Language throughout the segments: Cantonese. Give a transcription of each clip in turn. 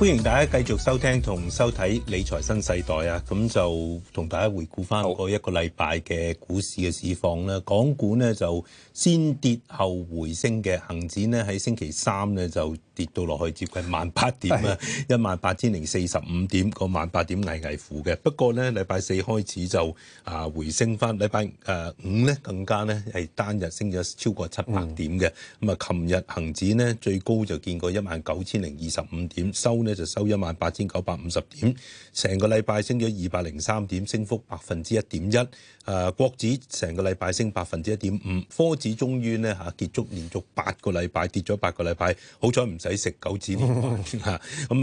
歡迎大家繼續收聽同收睇《理財新世代》啊！咁就同大家回顧翻嗰一個禮拜嘅股市嘅市況啦。港股呢就先跌後回升嘅，恒指呢喺星期三呢就跌到落去接近萬八點啊，一萬八千零四十五點個萬八點危危乎嘅。不過呢，禮拜四開始就啊回升翻，禮拜誒五呢更加呢係單日升咗超過七百點嘅。咁啊、嗯，琴日恒指呢最高就見過一萬九千零二十五點收呢。就收一萬八千九百五十點，成個禮拜升咗二百零三點，升幅百分之一點一。誒、啊，國指成個禮拜升百分之一點五，科指終於呢嚇結束連續八個禮拜跌咗八個禮拜，好彩唔使食九子麵、啊、咁啊，啊，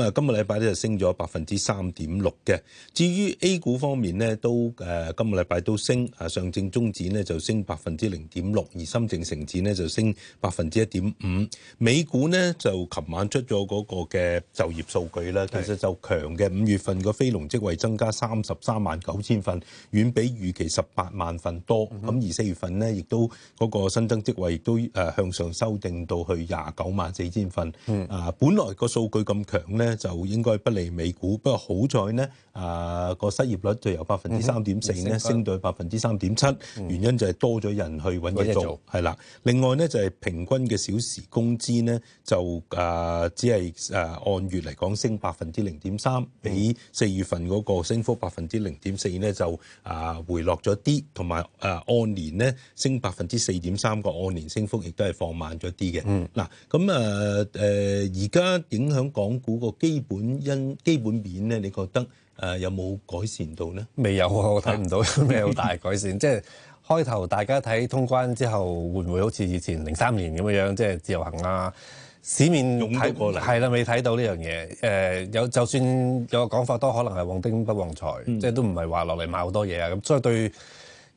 啊，今個禮拜咧就升咗百分之三點六嘅。至於 A 股方面呢都、啊、今個禮拜都升，啊、上證綜指呢就升百分之零點六，而深證成指呢就升百分之一點五。美股呢，就琴晚出咗嗰個嘅就業。數據咧，其實就強嘅，五月份個非農職位增加三十三萬九千份，遠比預期十八萬份多。咁、嗯、哼而四月份咧，亦都嗰、那個新增職位亦都誒、呃、向上修訂到去廿九萬四千份。嗯、啊，本來個數據咁強咧，就應該不利美股。不過好在咧，啊個失業率就由百分之三點四咧升到去百分之三點七，嗯、原因就係多咗人去揾嘢做。係啦，另外咧就係、是、平均嘅小時工資咧就誒、呃、只係誒、呃、按月嚟講。港升百分之零點三，比四月份嗰個升幅百分之零點四呢就啊回落咗啲，同埋啊按年呢，升百分之四點三個按年升幅亦都係放慢咗啲嘅。嗯、啊，嗱咁啊誒，呃、而家影響港股個基本因基本面呢，你覺得誒、啊、有冇改善到呢？未有啊，我睇唔到、啊、未有咩好大改善。 即係開頭大家睇通關之後，會唔會好似以前零三年咁樣樣，即係自由行啊？市面睇過嚟係啦，未睇到呢樣嘢。誒、呃、有就算有個講法，都可能係旺丁不旺財，嗯、即係都唔係話落嚟買好多嘢啊。咁所以對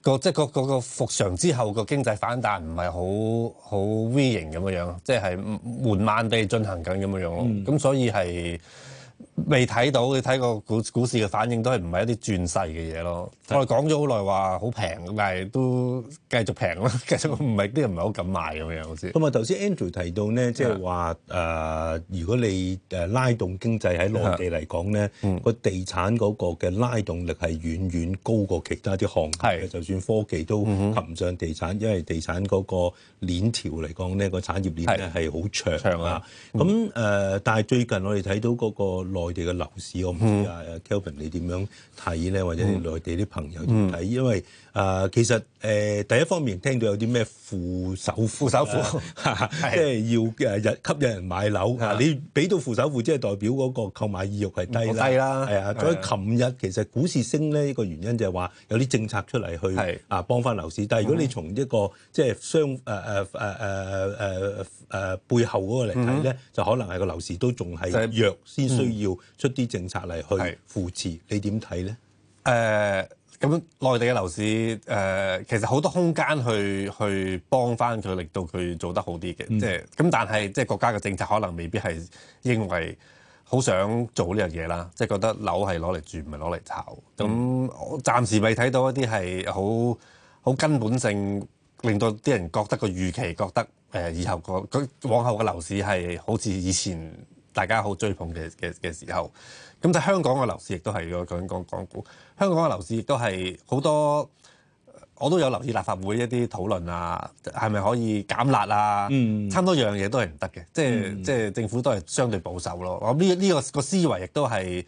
個即係嗰嗰個復常之後個經濟反彈唔係好好 V 型咁樣，即係緩慢地進行緊咁樣咯。咁、嗯、所以係。未睇到，你睇個股股市嘅反應都係唔係一啲轉勢嘅嘢咯？是的 我哋講咗好耐話好平，但係都繼續平咯，繼續唔係啲人唔係好敢賣咁樣好似。咁啊頭先 Andrew 提到咧，即係話誒，如果你誒拉動經濟喺內地嚟講咧，個是的、嗯、地產嗰個嘅拉動力係遠遠高過其他啲行業，係是的 就算科技都合唔上地產，嗯嗯因為地產嗰個鏈條嚟講咧，個產業鏈咧係好長啊。咁、呃、誒，但係最近我哋睇到嗰個內地你嘅樓市我唔知啊，Kelvin、嗯、你點樣睇咧？或者你內地啲朋友點睇？因為、嗯。嗯誒、呃、其實誒、呃、第一方面聽到有啲咩負首負首付，即係要誒吸引人買樓。是啊、你俾到負首付，即係代表嗰個購買意欲係低，好低啦。係啊，是所以琴日其實股市升咧，一、這個原因就係話有啲政策出嚟去是啊幫翻樓市。但係如果你從一個即係雙誒誒誒誒誒誒誒背後嗰個嚟睇咧，嗯、就可能係個樓市都仲係弱，先、就是、需要出啲政策嚟去扶持。是你點睇咧？誒、呃。咁內地嘅樓市，呃、其實好多空間去去幫翻佢，令到佢做得好啲嘅，即係咁、嗯就是。但係即係國家嘅政策，可能未必係認為好想做呢樣嘢啦，即、就、係、是、覺得樓係攞嚟住，唔係攞嚟炒。咁、嗯、我暫時未睇到一啲係好好根本性令到啲人覺得個預期，覺得誒、呃、以後個往後嘅樓市係好似以前。大家好追捧嘅嘅嘅時候，咁就香港嘅樓市亦都係個講講港股，香港嘅樓市亦都係好多，我都有留意立法會一啲討論啊，係咪可以減辣啊？嗯，差唔多樣嘢都係唔得嘅。即係、嗯、即係政府都係相對保守咯。我呢呢個個思維亦都係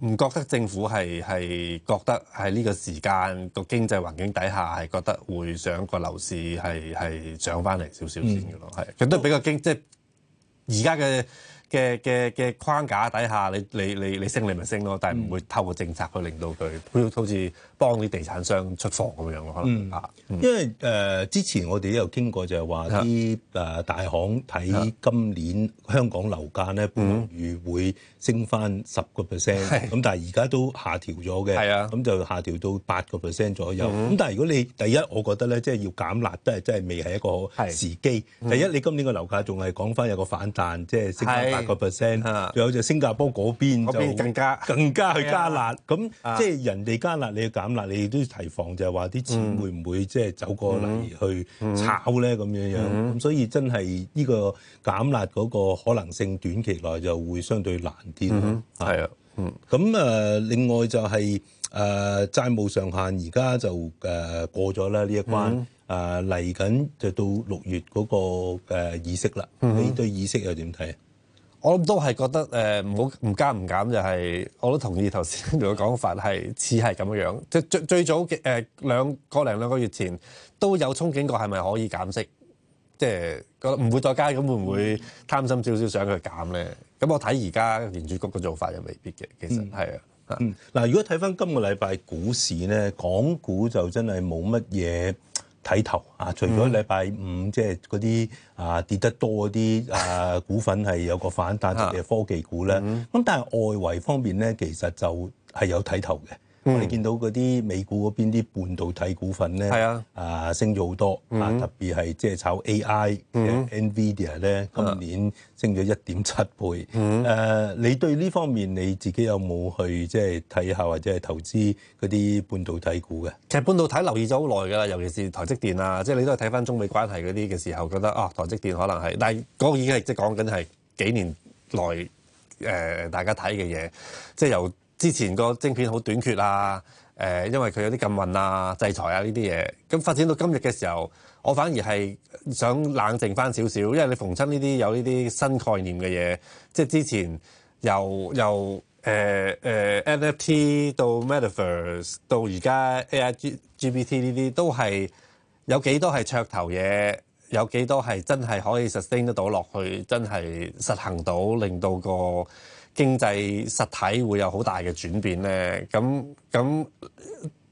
唔覺得政府係係覺得喺呢個時間個經濟環境底下係覺得會想個樓市係係上翻嚟少少先嘅咯，係其實都係比較經即係而家嘅。嘅嘅嘅框架底下，你你你你升你咪升咯，但係唔會透過政策去令到佢好似幫啲地產商出貨咁樣咯，可能嚇。因為誒之前我哋都有傾過，就係話啲誒大行睇今年香港樓價咧，預會升翻十個 percent。咁但係而家都下調咗嘅，咁就下調到八個 percent 左右。咁但係如果你第一，我覺得咧，即係要減辣，都係真係未係一個時機。第一，你今年個樓價仲係講翻有個反彈，即係升八個 percent，仲有就新加坡嗰邊就更加更加去加辣，咁即係人哋加辣，你去減辣，你都要提防，就係話啲錢會唔會即係走過嚟去炒咧咁樣樣。咁所以真係呢個減辣嗰個可能性短期內就會相對難啲咯。係啊，咁誒另外就係、是、誒、呃、債務上限而家就誒過咗啦呢一關，誒嚟緊就到六月嗰個議息啦。你對議息又點睇啊？我諗都係覺得誒，唔好唔加唔減就係、係，我都同意頭先嘅講法係，係似係咁樣。即最最早嘅誒、呃、兩個零兩個月前都有憧憬過，係咪可以減息？即係覺得唔會再加，咁會唔會貪心少少想去減咧？咁我睇而家聯儲局嘅做法又未必嘅，其實係啊。嗱、嗯嗯，如果睇翻今個禮拜股市咧，港股就真係冇乜嘢。睇頭、嗯、啊！除咗禮拜五即係嗰啲啊跌得多啲啊股份係有個反彈，特別係科技股咧。咁、啊嗯、但係外圍方面咧，其實就係有睇頭嘅。嗯、我哋見到嗰啲美股嗰邊啲半導體股份咧，係啊，啊升咗好多、嗯、啊！特別係即係炒 AI 嘅 NVIDIA 咧，呢啊、今年升咗一點七倍。誒、嗯啊，你對呢方面你自己有冇去即係睇下或者係投資嗰啲半導體股嘅？其實半導體留意咗好耐㗎啦，尤其是台積電啊，即係你都係睇返中美關係嗰啲嘅時候，覺得啊，台積電可能係，但係嗰個已經係即係講緊係幾年內誒、呃、大家睇嘅嘢，即係由。之前個晶片好短缺啊！誒、呃，因為佢有啲禁運啊、制裁啊呢啲嘢。咁發展到今日嘅時候，我反而係想冷靜翻少少，因為你逢親呢啲有呢啲新概念嘅嘢，即係之前由由誒誒、呃呃、NFT 到 Metaverse 到而家 AI GPT 呢啲，都係有幾多係噱頭嘢，有幾多係真係可以 sustain 得到落去，真係實行到令到個。經濟實體會有好大嘅轉變咧，咁咁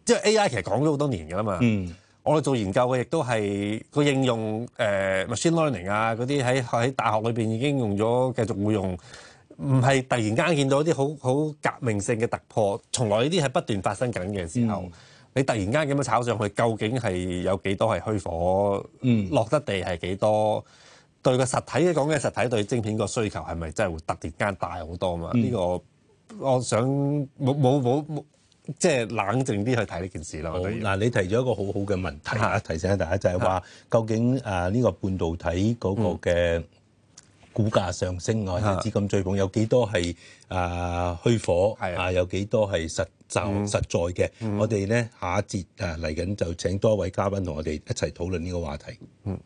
即係 AI 其實講咗好多年㗎啦嘛。嗯、我哋做研究嘅亦都係個應用，誒、呃、machine learning 啊嗰啲喺喺大學裏邊已經用咗，繼續會用，唔係突然間見到一啲好好革命性嘅突破。從來呢啲係不斷發生緊嘅時候，嗯、你突然間咁樣炒上去，究竟係有幾多係虛火，嗯、落得地係幾多？對個實體咧，講嘅實體對晶片個需求係咪真係會突然間大好多啊？嘛、嗯，呢個我想冇冇冇，即係冷靜啲去睇呢件事咯。嗱，你提咗一個好好嘅問題啊！的提醒下大家，就係、是、話的究竟啊呢、呃這個半導體嗰個嘅股價上升啊，資、嗯、金追捧有幾多係啊虛火的啊？有幾多係實就、嗯、實在嘅？嗯、我哋咧下一節啊嚟緊就請多位嘉賓同我哋一齊討論呢個話題。嗯